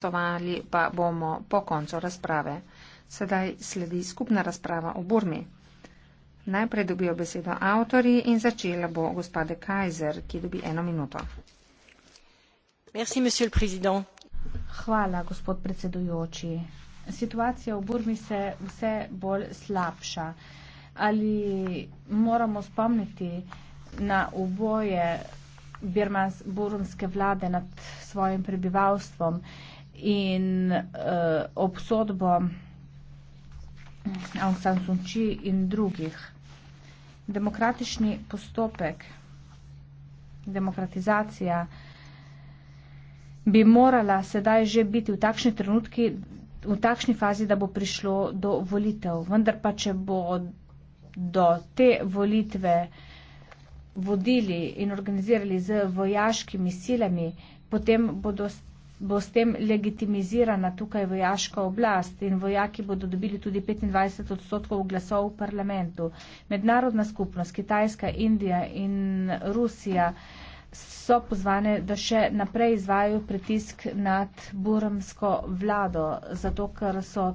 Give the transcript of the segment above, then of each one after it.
glasovali pa bomo po koncu razprave. Sedaj sledi skupna razprava o Burmi. Najprej dobijo besedo avtori in začela bo gospode Kajzer, ki dobi eno minuto. Merci, Hvala, gospod predsedujoči. Situacija v Burmi se vse bolj slabša. Ali moramo spomniti na uboje burmske vlade nad svojim prebivalstvom? in uh, obsodbo Aung San Suu Kyi in drugih. Demokratični postopek, demokratizacija bi morala sedaj že biti v takšni trenutki, v takšni fazi, da bo prišlo do volitev. Vendar pa, če bo do te volitve vodili in organizirali z vojaškimi silami, potem bodo bo s tem legitimizirana tukaj vojaška oblast in vojaki bodo dobili tudi 25 odstotkov glasov v parlamentu. Mednarodna skupnost, Kitajska, Indija in Rusija so pozvane, da še naprej izvajajo pritisk nad buramsko vlado, zato ker so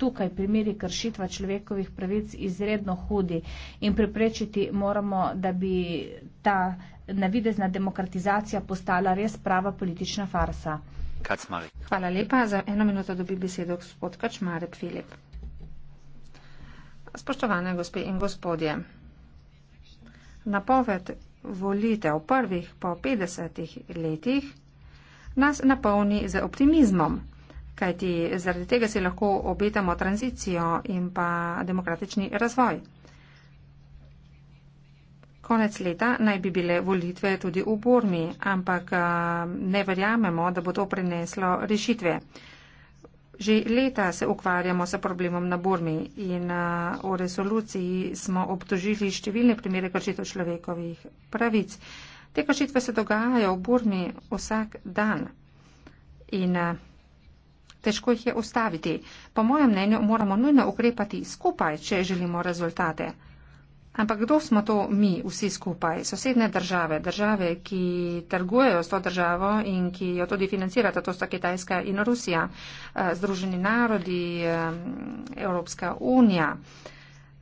tukaj primeri kršitva človekovih pravic izredno hudi in preprečiti moramo, da bi ta navidezna demokratizacija postala res prava politična farsa. Kacmarek. Hvala lepa. Za eno minuto dobi besedo gospod Kacmarek Filip. Spoštovane gospe in gospodje, napoved volitev prvih po 50 letih nas napolni z optimizmom, kajti zaradi tega si lahko obetamo tranzicijo in pa demokratični razvoj. Konec leta naj bi bile volitve tudi v Burmi, ampak ne verjamemo, da bo to prineslo rešitve. Že leta se ukvarjamo s problemom na Burmi in v resoluciji smo obtožili številne primere kršitev človekovih pravic. Te kršitve se dogajajo v Burmi vsak dan in težko jih je ustaviti. Po mojem mnenju moramo nujno ukrepati skupaj, če želimo rezultate. Ampak kdo smo to mi, vsi skupaj, sosedne države, države, ki trgujejo s to državo in ki jo tudi financirata, to sta Kitajska in Rusija, eh, Združeni narodi, eh, Evropska unija.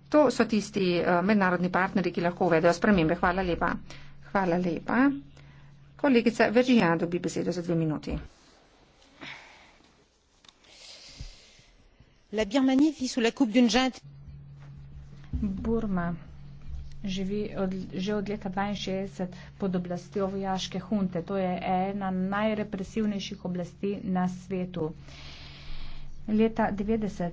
To so tisti eh, mednarodni partneri, ki lahko uvedejo spremembe. Hvala lepa. Hvala lepa. Kolegica Veržija dobi besedo za dve minuti. La Birmanie vit sous la coupe d'une junte. Burma živi od, že od leta 62 pod oblastjo vojaške hunte. To je ena najrepresivnejših oblasti na svetu. Leta 90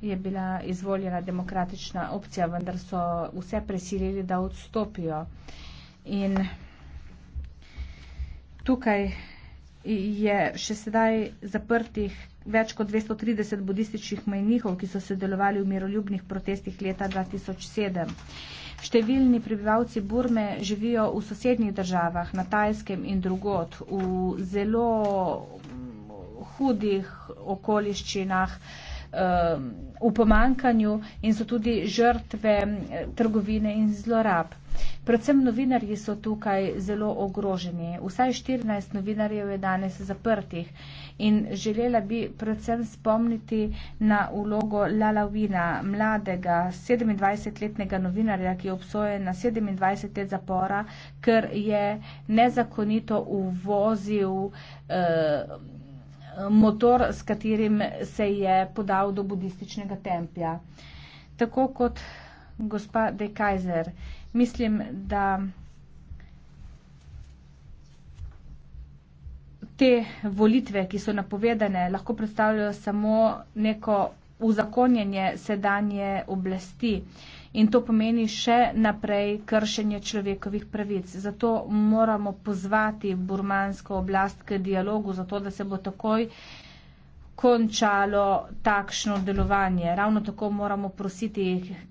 je bila izvoljena demokratična opcija, vendar so vse presilili, da odstopijo. In tukaj je še sedaj zaprtih več kot 230 budističnih majnikov, ki so sodelovali v miroljubnih protestih leta 2007. Številni prebivalci Burme živijo v sosednjih državah, na Tajskem in drugot, v zelo hudih okoliščinah. Um, v pomankanju in so tudi žrtve eh, trgovine in zlorab. Predvsem novinarji so tukaj zelo ogroženi. Vsaj 14 novinarjev je danes zaprtih in želela bi predvsem spomniti na ulogo Lalavina, mladega 27-letnega novinarja, ki je obsojen na 27 let zapora, ker je nezakonito uvozil eh, motor, s katerim se je podal do budističnega templja. Tako kot gospa De Kajzer, mislim, da te volitve, ki so napovedane, lahko predstavljajo samo neko uzakonjenje sedanje oblasti. Uh, in to pomeni še naprej kršenje človekovih pravic. Zato moramo pozvati burmansko oblast k dialogu, zato da se bo takoj končalo takšno delovanje. Ravno tako moramo prositi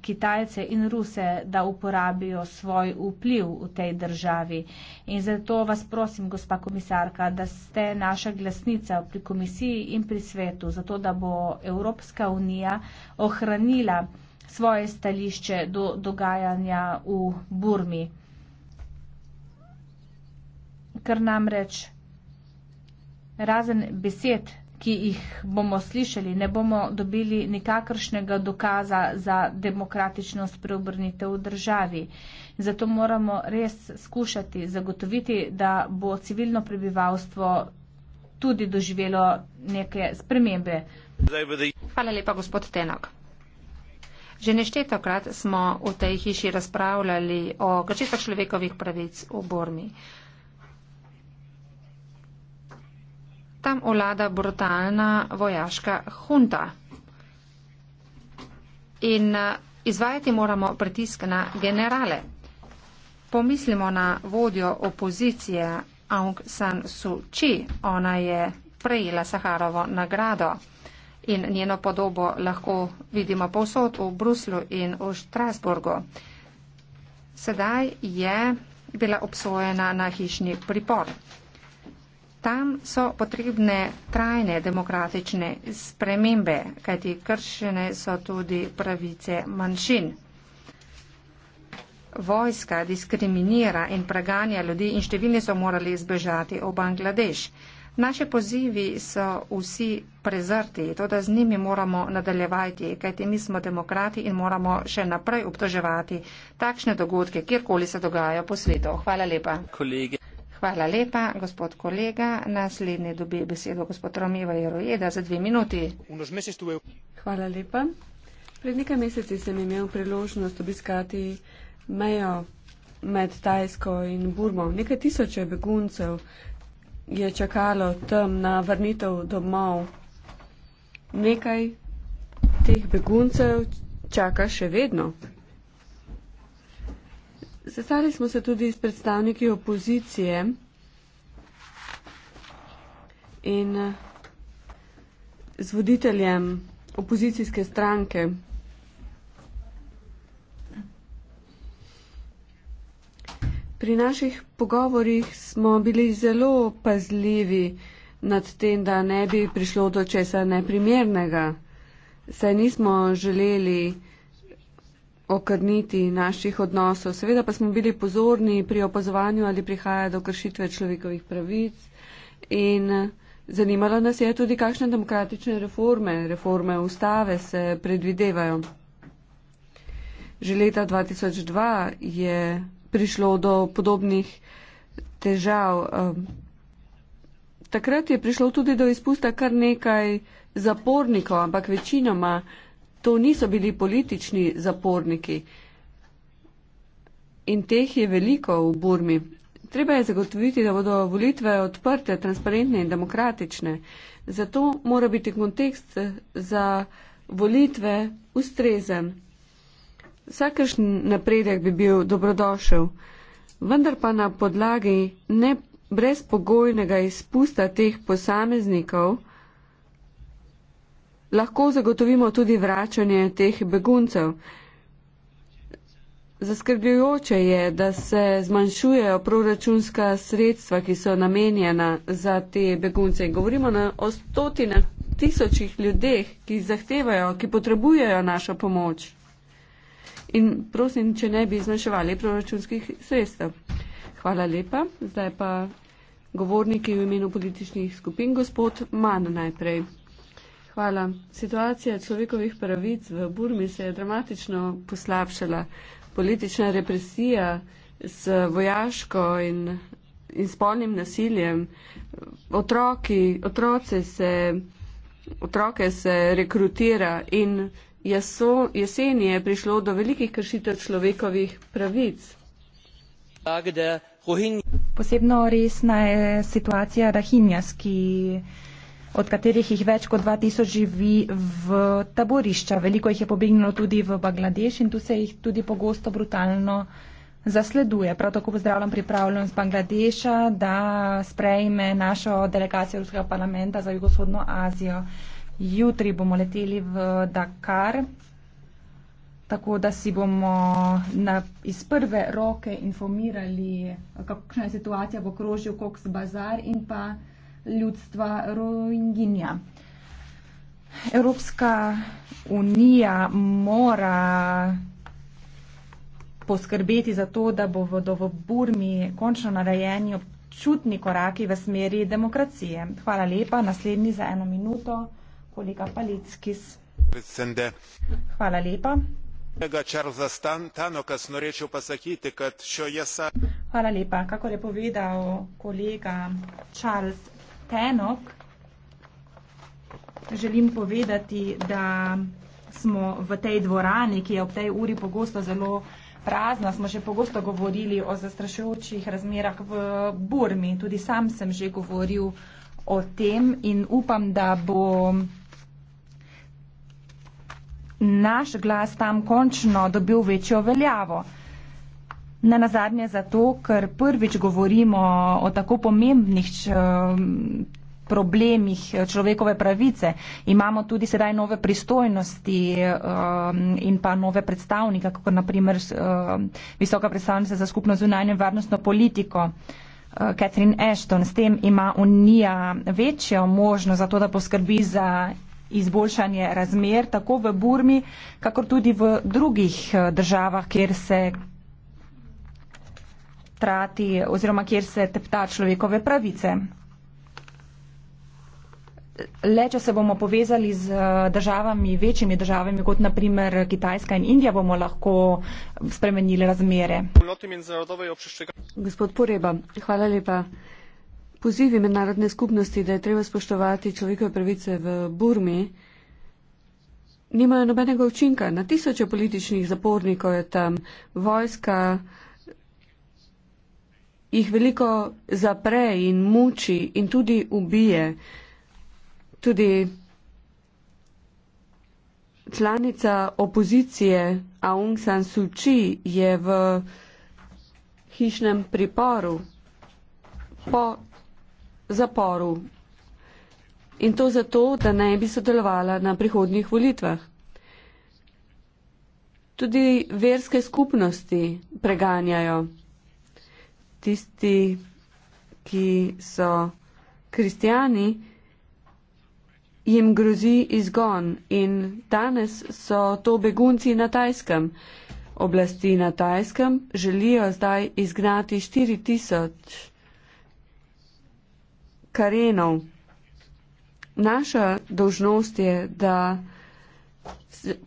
Kitajce in Ruse, da uporabijo svoj vpliv v tej državi. In zato vas prosim, gospa komisarka, da ste naša glasnica pri komisiji in pri svetu, zato da bo Evropska unija ohranila svoje stališče do dogajanja v Burmi. Ker namreč razen besed, ki jih bomo slišali, ne bomo dobili nikakršnega dokaza za demokratičnost preobrnitev v državi. Zato moramo res skušati zagotoviti, da bo civilno prebivalstvo tudi doživelo neke spremembe. Hvala lepa, gospod Tenok. Že neštetokrat smo v tej hiši razpravljali o kršitvah človekovih pravic v Burmi. Tam vlada brutalna vojaška hunta. In eh, izvajati moramo pritisk na generale. Pomislimo na vodjo opozicije Aung San Suu Kyi. Ona je prejela Saharovo nagrado in njeno podobo lahko vidimo povsod v Bruslu in v Strasburgu. Sedaj je bila obsojena na hišni pripor. Tam so potrebne trajne demokratične spremembe, kajti kršene so tudi pravice manjšin. Vojska diskriminira in preganja ljudi in številni so morali zbežati v Bangladeš. Naše pozivi so vsi prezrti, to da z njimi moramo nadaljevati, kajti mi smo demokrati in moramo še naprej obtoževati takšne dogodke, kjerkoli se dogajajo po svetu. Hvala lepa. Kolege. Hvala lepa, gospod kolega. Naslednji dobi besedo gospod Romiva Jerojeda za dve minuti. Hvala lepa. Pred nekaj meseci sem imel priložnost obiskati mejo med Tajsko in Burmo. Nekaj tisoče beguncev je čakalo tam na vrnitev domov. Nekaj teh beguncev čaka še vedno. Sestali smo se tudi s predstavniki opozicije in z voditeljem opozicijske stranke, Pri naših pogovorjih smo bili zelo pazljivi nad tem, da ne bi prišlo do česa neprimernega. Saj nismo želeli okrniti naših odnosov. Seveda pa smo bili pozorni pri opazovanju, ali prihaja do kršitve človekovih pravic. In zanimalo nas je tudi, kakšne demokratične reforme, reforme ustave se predvidevajo. Že leta 2002 je prišlo do podobnih težav. Takrat je prišlo tudi do izpusta kar nekaj zapornikov, ampak večinoma to niso bili politični zaporniki. In teh je veliko v Burmi. Treba je zagotoviti, da bodo volitve odprte, transparentne in demokratične. Zato mora biti kontekst za volitve ustrezen. Vsakršen napredek bi bil dobrodošel, vendar pa na podlagi ne brezpogojnega izpusta teh posameznikov lahko zagotovimo tudi vračanje teh beguncev. Zaskrbljujoče je, da se zmanjšujejo proračunska sredstva, ki so namenjena za te begunce. Govorimo na o stotinah tisočih ljudeh, ki zahtevajo, ki potrebujejo našo pomoč in prosim, če ne bi zmanjševali proračunskih sredstev. Hvala lepa. Zdaj pa govorniki v imenu političnih skupin, gospod Man najprej. Hvala. Situacija človekovih pravic v Burmi se je dramatično poslabšala. Politična represija s vojaško in, in spolnim nasiljem. Otroki, otroce se, otroke se rekrutira in jeso, jeseni je prišlo do velikih kršitev človekovih pravic. Posebno resna je situacija Rahinjas, od katerih jih več kot 2000 živi v taborišča. Veliko jih je pobegnilo tudi v Bangladeš in tu se jih tudi pogosto brutalno zasleduje. Prav tako pozdravljam pripravljenost Bangladeša, da sprejme našo delegacijo Evropskega parlamenta za jugosodno Azijo. Jutri bomo leteli v Dakar, tako da si bomo na, iz prve roke informirali, kakšna je situacija v okrožju Koks Bazar in pa ljudstva Rohingya. Evropska unija mora poskrbeti za to, da bodo v Burmi končno narejeni občutni koraki v smeri demokracije. Hvala lepa, naslednji za eno minuto kolega Palickis. Hvala lepa. Hvala lepa. Kako je povedal kolega Charles Tenok, želim povedati, da smo v tej dvorani, ki je ob tej uri pogosto zelo prazna, smo že pogosto govorili o zastrašujočih razmerah v Burmi. Tudi sam sem že govoril o tem in upam, da bo naš glas tam končno dobil večjo veljavo. Na nazadnje zato, ker prvič govorimo o tako pomembnih eh, problemih človekove pravice. Imamo tudi sedaj nove pristojnosti eh, in pa nove predstavnike, kot naprimer eh, visoka predstavnica za skupno zunanje varnostno politiko. Catherine Ashton, s tem ima Unija večjo možnost za to, da poskrbi za izboljšanje razmer tako v Burmi, kakor tudi v drugih eh, državah, kjer se trati oziroma kjer se tepta človekove pravice. Le, če se bomo povezali z eh, državami, večjimi državami, kot naprimer Kitajska in Indija, bomo lahko spremenili razmere. Gospod Poreba, hvala lepa pozivi mednarodne skupnosti, da je treba spoštovati človekove pravice v Burmi, nimajo nobenega učinka. Na tisoče političnih zapornikov je tam vojska, jih veliko zapre in muči in tudi ubije. Tudi članica opozicije Aung San Suu Kyi je v hišnem priporu po zaporu. In to zato, da ne bi sodelovala na prihodnjih volitvah. Tudi verske skupnosti preganjajo tisti, ki so kristijani, jim grozi izgon in danes so to begunci na tajskem. Oblasti na tajskem želijo zdaj izgnati 4000 karenov. Naša dožnost je, da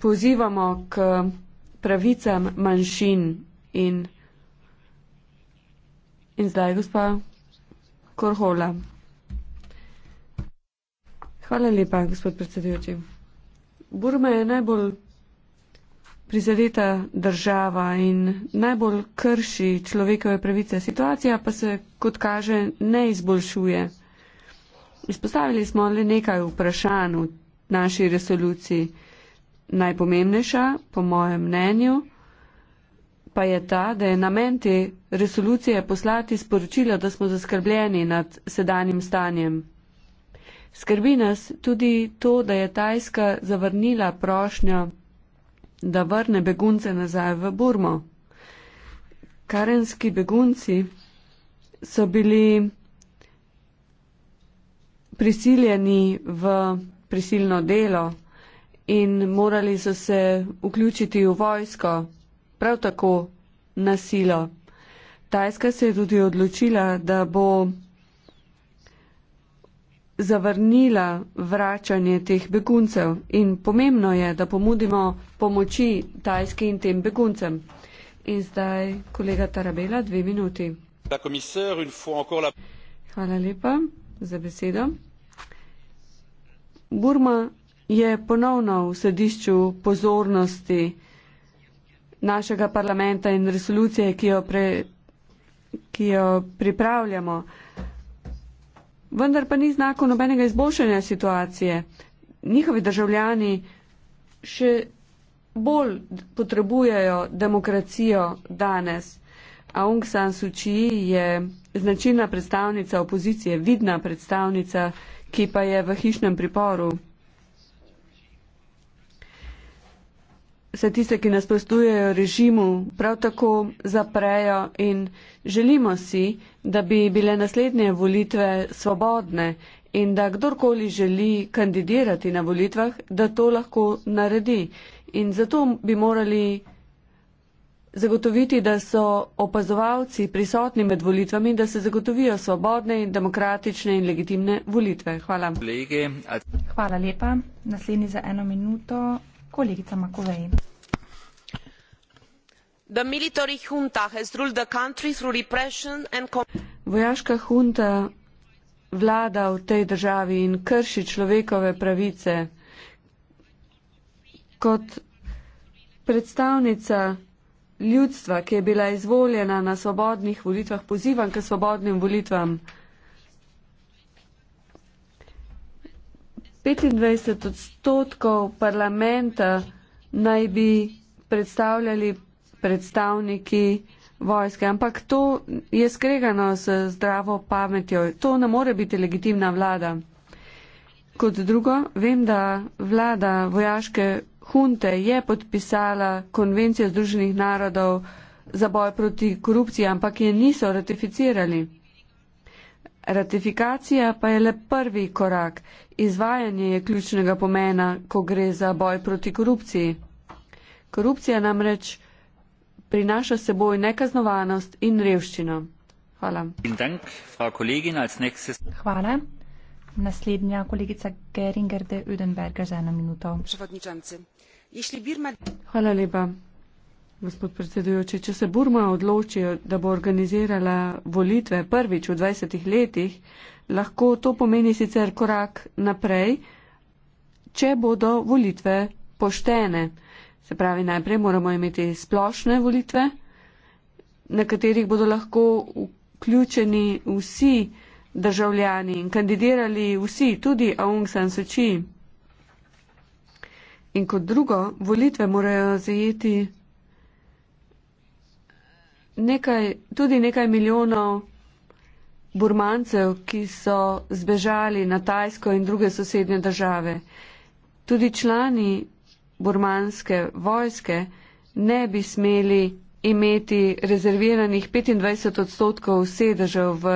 pozivamo k pravicam manjšin in, in zdaj, gospa Korhola. Hvala lepa, gospod predsedujoči. Burma je najbolj prizadeta država in najbolj krši človekove pravice. Situacija pa se, kot kaže, ne izboljšuje. Izpostavili smo le nekaj vprašanj v naši resoluciji. Najpomembnejša, po mojem mnenju, pa je ta, da je namen te resolucije poslati sporočilo, da smo zaskrbljeni nad sedanjim stanjem. Skrbi nas tudi to, da je Tajska zavrnila prošnjo, da vrne begunce nazaj v Burmo. Karenski begunci so bili prisiljeni v prisilno delo in morali so se vključiti v vojsko, prav tako na silo. Tajska se je tudi odločila, da bo zavrnila vračanje teh beguncev in pomembno je, da pomudimo pomoči tajski in tem beguncem. In zdaj kolega Tarabela, dve minuti. Hvala lepa za besedo. Burma je ponovno v središču pozornosti našega parlamenta in resolucije, ki jo, pre, ki jo pripravljamo. Vendar pa ni znakov nobenega izboljšanja situacije. Njihovi državljani še bolj potrebujejo demokracijo danes. Aung San Suu Kyi je značilna predstavnica opozicije, vidna predstavnica ki pa je v hišnem priporu. Vse tiste, ki nas postujejo režimu, prav tako zaprejo in želimo si, da bi bile naslednje volitve svobodne in da kdorkoli želi kandidirati na volitvah, da to lahko naredi. In zato bi morali zagotoviti, da so opazovalci prisotni med volitvami, da se zagotovijo svobodne in demokratične in legitimne volitve. Hvala. Hvala lepa. Naslednji za eno minuto, kolegica Makovej. Vojaška hunta vlada v tej državi in krši človekove pravice. Kot predstavnica ljudstva, ki je bila izvoljena na svobodnih volitvah, pozivam k svobodnim volitvam. 25 odstotkov parlamenta naj bi predstavljali predstavniki vojske, ampak to je skregano s zdravo pametjo. To ne more biti legitimna vlada. Kot drugo, vem, da vlada vojaške hunte je podpisala konvencijo Združenih narodov za boj proti korupciji, ampak je niso ratificirali. Ratifikacija pa je le prvi korak. Izvajanje je ključnega pomena, ko gre za boj proti korupciji. Korupcija namreč prinaša seboj nekaznovanost in revščino. Hvala. Hvala. Naslednja kolegica Geringer de Udenberger za eno minuto. Hvala lepa, gospod predsedujoči. Če se Burma odloči, da bo organizirala volitve prvič v 20 letih, lahko to pomeni sicer korak naprej, če bodo volitve poštene. Se pravi, najprej moramo imeti splošne volitve, na katerih bodo lahko vključeni vsi državljani in kandidirali vsi, tudi Aung San Suu Kyi. In kot drugo, volitve morajo zajeti nekaj, tudi nekaj milijonov burmancev, ki so zbežali na Tajsko in druge sosednje države. Tudi člani burmanske vojske ne bi smeli imeti rezerviranih 25 odstotkov sedežev v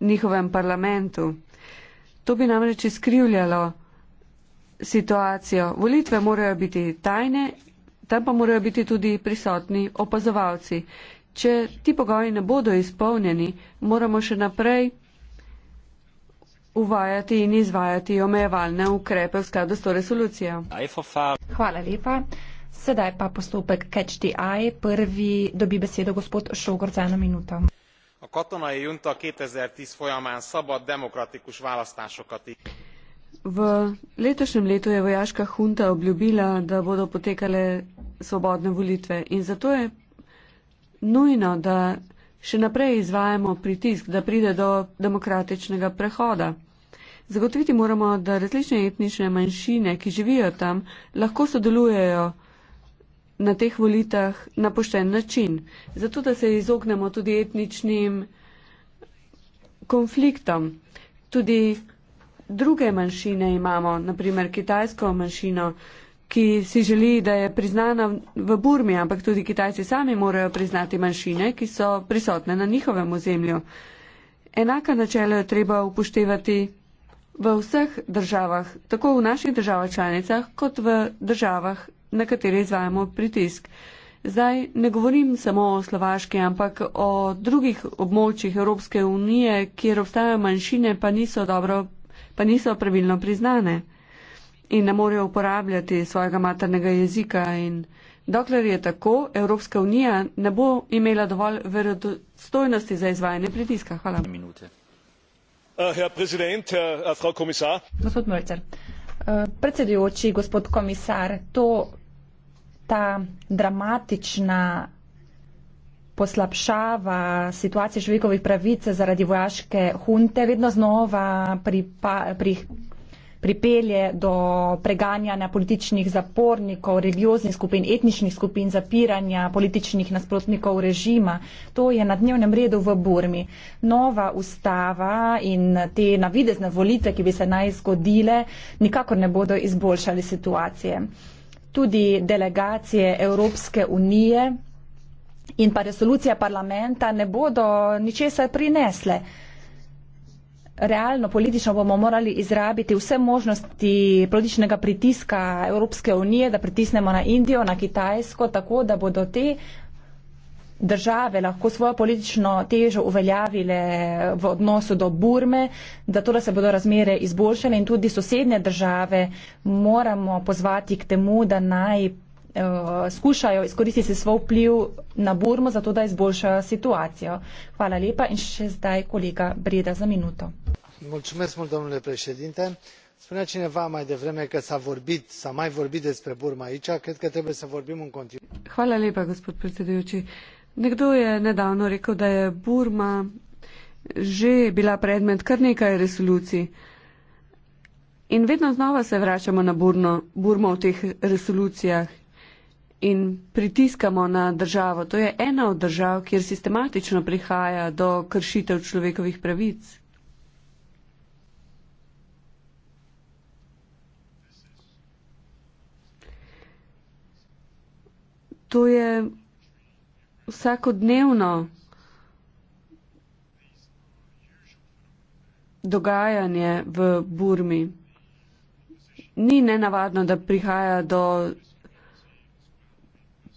njihovem parlamentu. To bi namreč skrivljalo situacijo. Volitve morajo biti tajne, tam pa morajo biti tudi prisotni opazovalci. Če ti pogoji ne bodo izpolnjeni, moramo še naprej uvajati in izvajati omejevalne ukrepe v skladu s to resolucijo. Hvala lepa. Sedaj pa postopek Catch the Eye. Prvi dobi besedo gospod Šogor za eno minuto. A katonai junta 2010 folyamán szabad demokratikus választásokat V letošnjem letu je vojaška hunta obljubila, da bodo potekale svobodne volitve in zato je nujno, da še naprej izvajamo pritisk, da pride do demokratičnega prehoda. Zagotoviti moramo, da različne etnične manjšine, ki živijo tam, lahko sodelujejo na teh volitah na pošten način, zato da se izognemo tudi etničnim konfliktom. Tudi druge manjšine imamo, naprimer kitajsko manjšino, ki si želi, da je priznana v Burmi, ampak tudi kitajci sami morajo priznati manjšine, ki so prisotne na njihovem ozemlju. Enaka načela je treba upoštevati v vseh državah, tako v naših državah članicah, kot v državah na katere izvajamo pritisk. Zdaj ne govorim samo o Slovaški, ampak o drugih območjih Evropske unije, kjer obstajajo manjšine, pa niso, dobro, pa niso pravilno priznane in ne morejo uporabljati svojega maternega jezika. Dokler je tako, Evropska unija ne bo imela dovolj verodostojnosti za izvajanje pritiska. Hvala. Eh, gospod Mölcer, eh, predsedujoči, gospod komisar, to ta dramatična poslabšava situacije človekovih pravice zaradi vojaške hunte vedno znova pripa, pri, pripelje do preganjanja političnih zapornikov, religioznih skupin, etničnih skupin, zapiranja političnih nasprotnikov režima. To je na dnevnem redu v Burmi. Nova ustava in te navidezne volitve, ki bi se naj zgodile, nikakor ne bodo izboljšali situacije tudi delegacije Evropske unije in pa resolucija parlamenta ne bodo ničesar prinesle. Realno politično bomo morali izrabiti vse možnosti političnega pritiska Evropske unije, da pritisnemo na Indijo, na Kitajsko, tako da bodo te države lahko svojo politično težo uveljavile v odnosu do Burme, da to, da se bodo razmere izboljšale in tudi sosednje države moramo pozvati k temu, da naj eh, skušajo izkoristiti svoj vpliv na Burmo, zato da izboljšajo situacijo. Hvala lepa in še zdaj kolega Breda za minuto. Mulțumesc mult, domnule președinte. Spunea cineva mai devreme că s-a vorbit, s-a mai vorbit despre Burma aici. Cred că trebuie să vorbim în continuare. Hvala lepa, gospod predsedujući. Nekdo je nedavno rekel, da je Burma že bila predmet kar nekaj resolucij. In vedno znova se vračamo na Burno, Burmo v teh resolucijah in pritiskamo na državo. To je ena od držav, kjer sistematično prihaja do kršitev človekovih pravic. To je vsakodnevno dogajanje v Burmi. Ni nenavadno, da prihaja do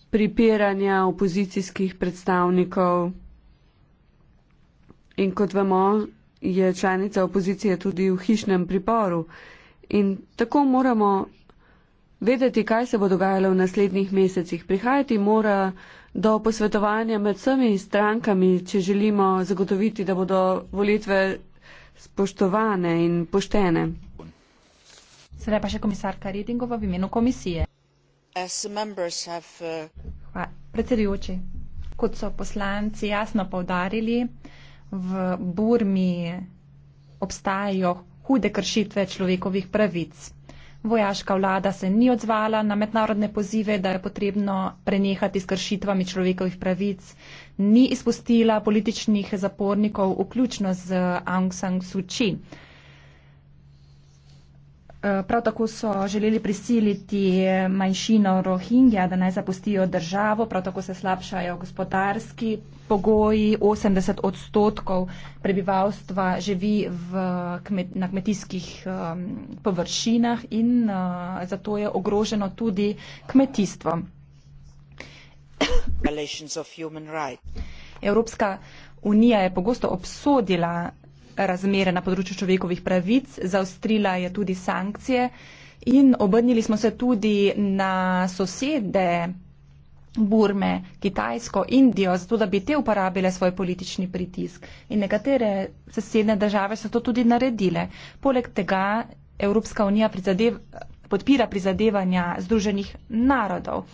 pripiranja opozicijskih predstavnikov. In kot vemo, je članica opozicije tudi v hišnem priporu. In tako moramo vedeti, kaj se bo dogajalo v naslednjih mesecih. Prihajati mora do posvetovanja med vsemi strankami, če želimo zagotoviti, da bodo volitve spoštovane in poštene. Sedaj pa še komisarka Redingova v imenu komisije. Uh, predsedujoči, kot so poslanci jasno povdarili, v Burmi obstajajo hude kršitve človekovih pravic vojaška vlada se ni odzvala na mednarodne pozive, da je potrebno prenehati s kršitvami človekovih pravic, ni izpustila političnih zapornikov, vključno z Aung San Suu Kyi. Eh, prav tako so želeli prisiliti eh, manjšino Rohingja, da naj zapustijo državo, prav tako se slabšajo gospodarski pogoji. 80 odstotkov prebivalstva živi v, na kmetijskih um, površinah in uh, zato je ogroženo tudi kmetijstvo. Evropska unija je pogosto obsodila razmere na področju človekovih pravic, zaostrila je tudi sankcije in obrnili smo se tudi na sosede Burme, Kitajsko, Indijo, zato da bi te uporabile svoj politični pritisk. In nekatere sosedne države so to tudi naredile. Poleg tega Evropska unija prizadeva podpira prizadevanja Združenih narodov.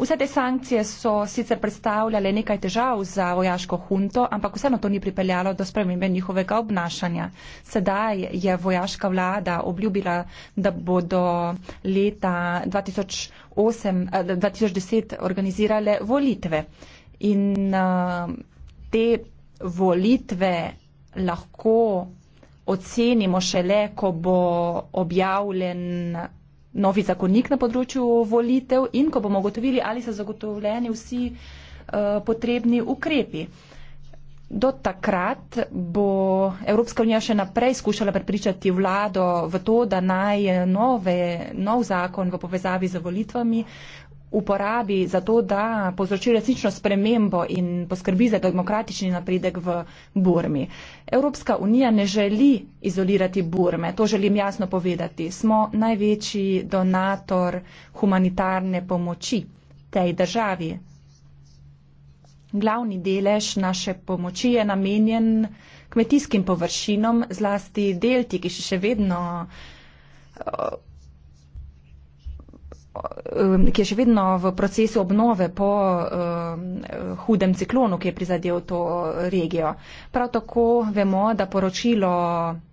Vse te sankcije so sicer predstavljale nekaj težav za vojaško hunto, ampak vseeno to ni pripeljalo do spremembe njihovega obnašanja. Sedaj je vojaška vlada obljubila, da bodo leta 2008, 2010 eh, organizirale volitve. In eh, te volitve lahko ocenimo šele, ko bo objavljen novi zakonnik na področju volitev in ko bomo ugotovili, ali so zagotovljeni vsi eh, potrebni ukrepi. Do takrat bo Evropska unija še naprej skušala prepričati vlado v to, da naj nove, nov zakon v povezavi z volitvami uporabi za to, da povzroči resnično spremembo in poskrbi za demokratični napredek v Burmi. Evropska unija ne želi izolirati Burme, to želim jasno povedati. Smo največji donator humanitarne pomoči tej državi. Glavni delež naše pomoči je namenjen kmetijskim površinom, zlasti delti, ki še vedno Um, ki je še vedno v procesu obnove po uh, hudem ciklonu, ki je prizadel to regijo. Prav tako vemo, da poročilo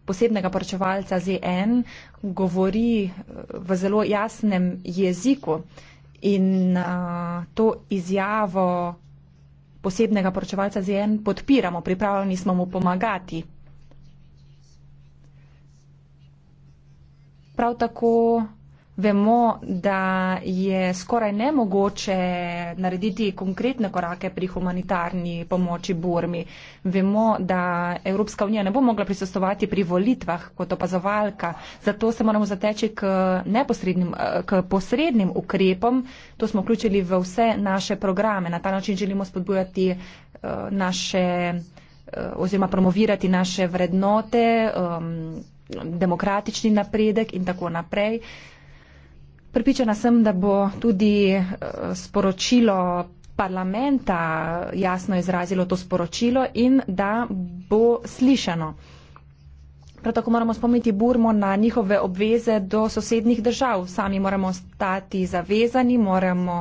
posebnega poročevalca ZN govori uh, v zelo jasnem jeziku in uh, to izjavo posebnega poročevalca ZN podpiramo, pripravljeni smo mu pomagati. Prav tako vemo, da je skoraj nemogoče narediti konkretne korake pri humanitarni pomoči Burmi. Vemo, da Evropska unija ne bo mogla prisostovati pri volitvah kot opazovalka, zato se moramo zateči k, k posrednim ukrepom. To smo vključili v vse naše programe. Na ta način želimo spodbujati eh, naše eh, oziroma promovirati naše vrednote, um, demokratični napredek in tako naprej. Uh, Pripričana sem, da bo tudi eh, sporočilo parlamenta jasno izrazilo to sporočilo in da bo slišano. Prav tako moramo spomniti Burmo na njihove obveze do sosednjih držav. Sami moramo stati zavezani, moramo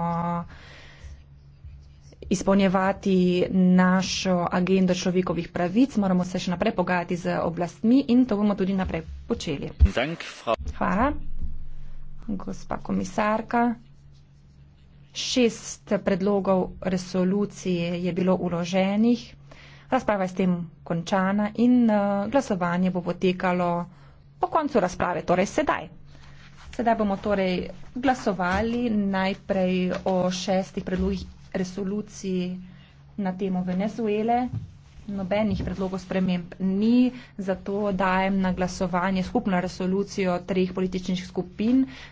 izpolnjevati našo agendo človekovih pravic, moramo se še naprej pogajati z oblastmi in to bomo tudi naprej počeli. Dank, Hvala gospa komisarka. Šest predlogov resolucije je bilo uloženih. Razprava je s tem končana in eh, glasovanje bo potekalo po koncu razprave, torej sedaj. Sedaj bomo torej glasovali najprej o šestih predlogih resoluciji na temo Venezuele. Nobenih predlogov sprememb ni, zato dajem na glasovanje skupno resolucijo treh političnih skupin.